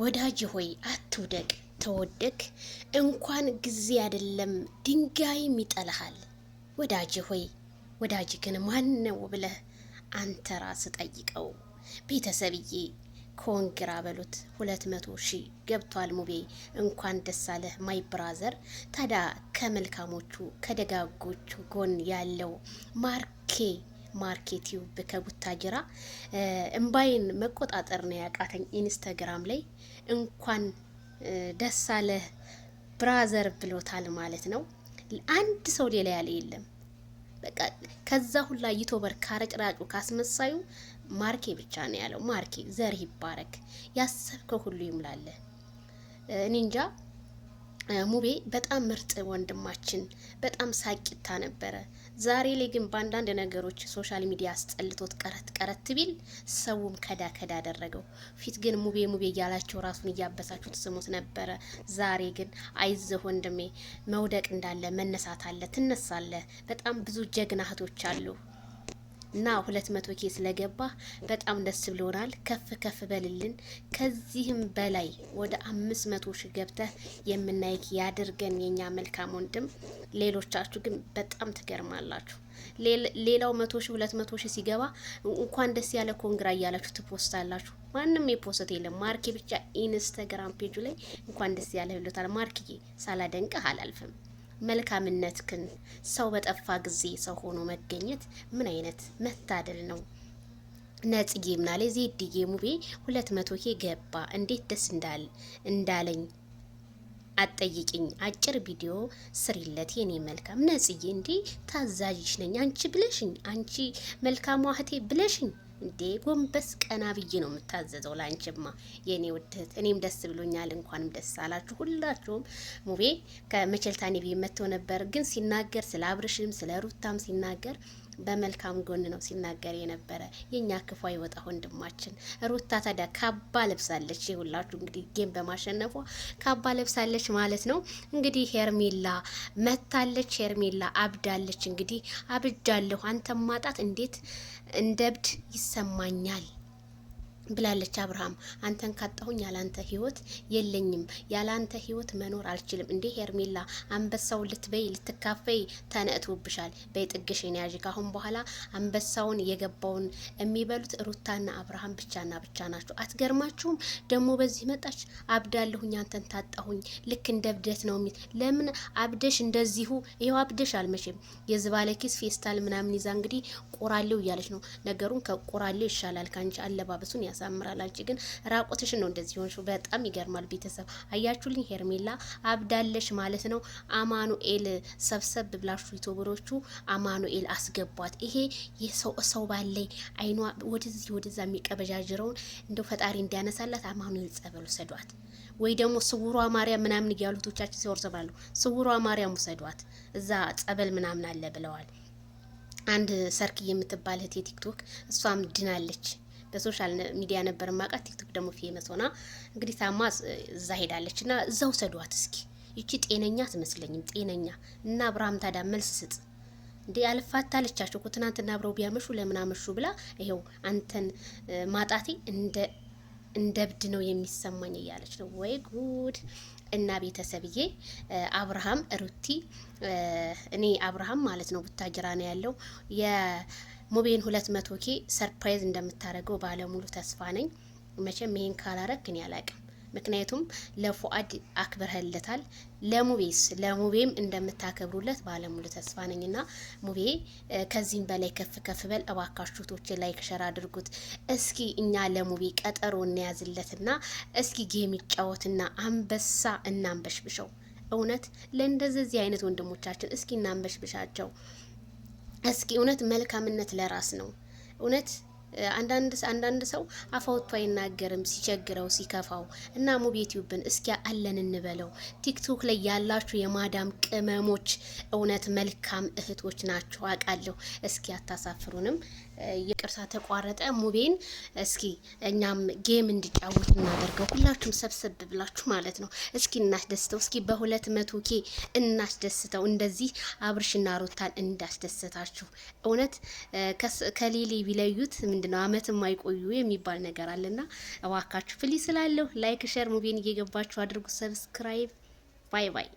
ወዳጅ ሆይ አትውደቅ። ተወደክ እንኳን ጊዜ አይደለም ድንጋይም ይጠልሃል። ወዳጅ ሆይ ወዳጅ ግን ማን ነው ብለህ አንተ ራስ ጠይቀው። ቤተሰብዬ ኮንግራ በሉት ሁለት መቶ ሺህ ገብቷል። ሙቤ እንኳን ደስ አለህ ማይ ብራዘር። ታዲያ ከመልካሞቹ ከደጋጎቹ ጎን ያለው ማርኬ ማርኬት ዩብ ከቡታጅራ እምባይን መቆጣጠር ነው ያቃተኝ። ኢንስታግራም ላይ እንኳን ደስ አለህ ብራዘር ብሎታል ማለት ነው። አንድ ሰው ሌላ ያለ የለም። በቃ ከዛ ሁላ ዩቱበር ካረጭራጩ ካስመሳዩ ማርኬ ብቻ ነው ያለው። ማርኬ ዘር ይባረክ፣ ያሰብከው ሁሉ ይምላለህ። እኔ እንጃ ሙቤ በጣም ምርጥ ወንድማችን በጣም ሳቂታ ነበረ። ዛሬ ላይ ግን በአንዳንድ ነገሮች ሶሻል ሚዲያ አስጠልቶት ቀረት ቀረት ቢል ሰውም ከዳ ከዳ አደረገው። ፊት ግን ሙቤ ሙቤ እያላቸው ራሱን እያበሳችሁት ስሙት ነበረ። ዛሬ ግን አይዞህ ወንድሜ መውደቅ እንዳለ መነሳት አለ፣ ትነሳለህ። በጣም ብዙ ጀግና እህቶች አሉ። እና ሁለት መቶ ኬ ስለገባ በጣም ደስ ብሎናል። ከፍ ከፍ በልልን። ከዚህም በላይ ወደ አምስት መቶ ሺ ገብተህ የምናይክ ያድርገን የኛ መልካም ወንድም። ሌሎቻችሁ ግን በጣም ትገርማላችሁ። ሌላው መቶ ሺ ሁለት መቶ ሺ ሲገባ እንኳን ደስ ያለ ኮንግራ እያላችሁ ትፖስታላችሁ። ማንም የፖስት የለም። ማርኬ ብቻ ኢንስተግራም ፔጁ ላይ እንኳን ደስ ያለ ብሎታል። ማርክዬ ሳላደንቅህ አላልፍም። መልካምነትክን ሰው በጠፋ ጊዜ ሰው ሆኖ መገኘት ምን አይነት መታደል ነው። ነጽጌ ምናለ ዜድዬ ሙቤ ሁለት መቶ ኬ ገባ እንዴት ደስ እንዳል እንዳለኝ አጠይቅኝ አጭር ቪዲዮ ስሪለት የኔ መልካም ነጽዬ። እንዲህ ታዛዥሽ ነኝ አንቺ ብለሽኝ፣ አንቺ መልካም ዋህቴ ብለሽኝ እንዴ ጎንበስ ቀና ብዬ ነው የምታዘዘው። ላንችማ የእኔ ውድህት እኔም ደስ ብሎኛል። እንኳንም ደስ አላችሁ ሁላችሁም። ሙቤ ከመቸልታኔ ቤ መጥቶ ነበር፣ ግን ሲናገር ስለ አብርሽም ስለ ሩታም ሲናገር በመልካም ጎን ነው ሲናገር የነበረ የእኛ ክፉ አይወጣ ወንድማችን። ሩታ ታዲያ ካባ ለብሳለች። ሁላችሁ እንግዲህ ጌም በማሸነፏ ካባ ለብሳለች ማለት ነው። እንግዲህ ሄርሜላ መታለች። ሄርሜላ አብዳለች። እንግዲህ አብጃለሁ አንተ ማጣት እንዴት እንደብድ ይሰማኛል ብላለች አብርሃም አንተን ካጣሁኝ ያላንተ ህይወት የለኝም፣ ያላንተ ህይወት መኖር አልችልም። እንዴ ሄርሜላ አንበሳውን ልትበይ ልትካፈይ ተነእትውብሻል። በይጥግሽን ያዥ። ካሁን በኋላ አንበሳውን የገባውን የሚበሉት ሩታና አብርሃም ብቻና ብቻ ናቸው። አትገርማችሁም? ደግሞ በዚህ መጣች። አብዳለሁኝ፣ አንተን ታጣሁኝ። ልክ እንደ እብደት ነው ሚት ለምን አብደሽ እንደዚሁ ይኸው አብደሽ አልመቼም የዝባለኪስ ፌስታል ምናምን ይዛ እንግዲህ ቆራሌው እያለች ነው ነገሩን። ከቆራሌው ይሻላል ከአንቺ አለባበሱን ያ ያሳምራል። አንቺ ግን ራቆትሽን ነው እንደዚህ ሆንሽ። በጣም ይገርማል። ቤተሰብ አያችሁልኝ፣ ሄርሜላ አብዳለሽ ማለት ነው። አማኑኤል ሰብሰብ ብላችሁ ዩቱበሮቹ አማኑኤል አስገቧት። ይሄ የሰው ሰው ባለይ አይኗ ወደዚህ ወደዛ የሚቀበዣጅረውን እንደው ፈጣሪ እንዲያነሳላት አማኑኤል ጸበል ውሰዷት። ወይ ደግሞ ስውሯ ማርያም ምናምን እያሉ ቶቻችን ሲወርሰባሉ ስውሯ ማርያም ውሰዷት። እዛ ጸበል ምናምን አለ ብለዋል። አንድ ሰርክ የምትባል እህት የቲክቶክ እሷም ድናለች። በሶሻል ሚዲያ ነበር ማውቃት። ቲክቶክ ደግሞ ፌመስ ሆና እንግዲህ ታማ እዛ ሄዳለች እና እዛ ውሰዷት እስኪ። ይቺ ጤነኛ አትመስለኝም። ጤነኛ እና አብርሃም ታዲያ መልስ ስጥ እንዴ አልፋታ እኮ ትናንትና አብረው ቢያመሹ ለምን አመሹ ብላ ይኸው አንተን ማጣቴ እንደ እንደ እብድ ነው የሚሰማኝ እያለች ነው። ወይ ጉድ! እና ቤተሰብዬ አብርሃም ሩቲ እኔ አብርሃም ማለት ነው ቡታጅራ ነው ያለው ሙቤን ሁለት መቶ ኬ ሰርፕራይዝ እንደምታደርገው ባለሙሉ ተስፋ ነኝ። መቼም ይሄን ካላረክን ያላቅም። ምክንያቱም ለፉአድ አክብረህለታል። ለሙቤስ ለሙቤም እንደምታከብሩለት ባለሙሉ ተስፋ ነኝና ሙቤ ከዚህም በላይ ከፍ ከፍ በል እባካችሁ። ቶቼ ላይክ ሸር አድርጉት። እስኪ እኛ ለሙቤ ቀጠሮ እንያዝለትና እስኪ ጌም ይጫወትና አንበሳ እናንበሽብሸው። እውነት ለእንደዚህ አይነት ወንድሞቻችን እስኪ እናንበሽብሻቸው። እስኪ እውነት መልካምነት ለራስ ነው። እውነት አንዳንድ አንዳንድ ሰው አፋውቶ አይናገርም ሲቸግረው ሲከፋው እና ሙብ ዩቲዩብን እስኪ አለን እንበለው። ቲክቶክ ላይ ያላችሁ የማዳም ቅመሞች እውነት መልካም እህቶች ናቸው አውቃለሁ። እስኪ አታሳፍሩንም። ይቅርታ ተቋረጠ። ሙቤን እስኪ እኛም ጌም እንዲጫወት እናደርገው። ሁላችሁም ሰብሰብ ብላችሁ ማለት ነው። እስኪ እናስደስተው። እስኪ በሁለት መቶ ኬ እናስደስተው። እንደዚህ አብርሽና ሩታን እንዳስደሰታችሁ እውነት ከሌሌ ቢለዩት ምንድነው አመት የማይቆዩ የሚባል ነገር አለና እባካችሁ ፍሊ ስላለሁ ላይክ ሸር ሙቤን እየገባችሁ አድርጉ። ሰብስክራይብ ባይ ባይ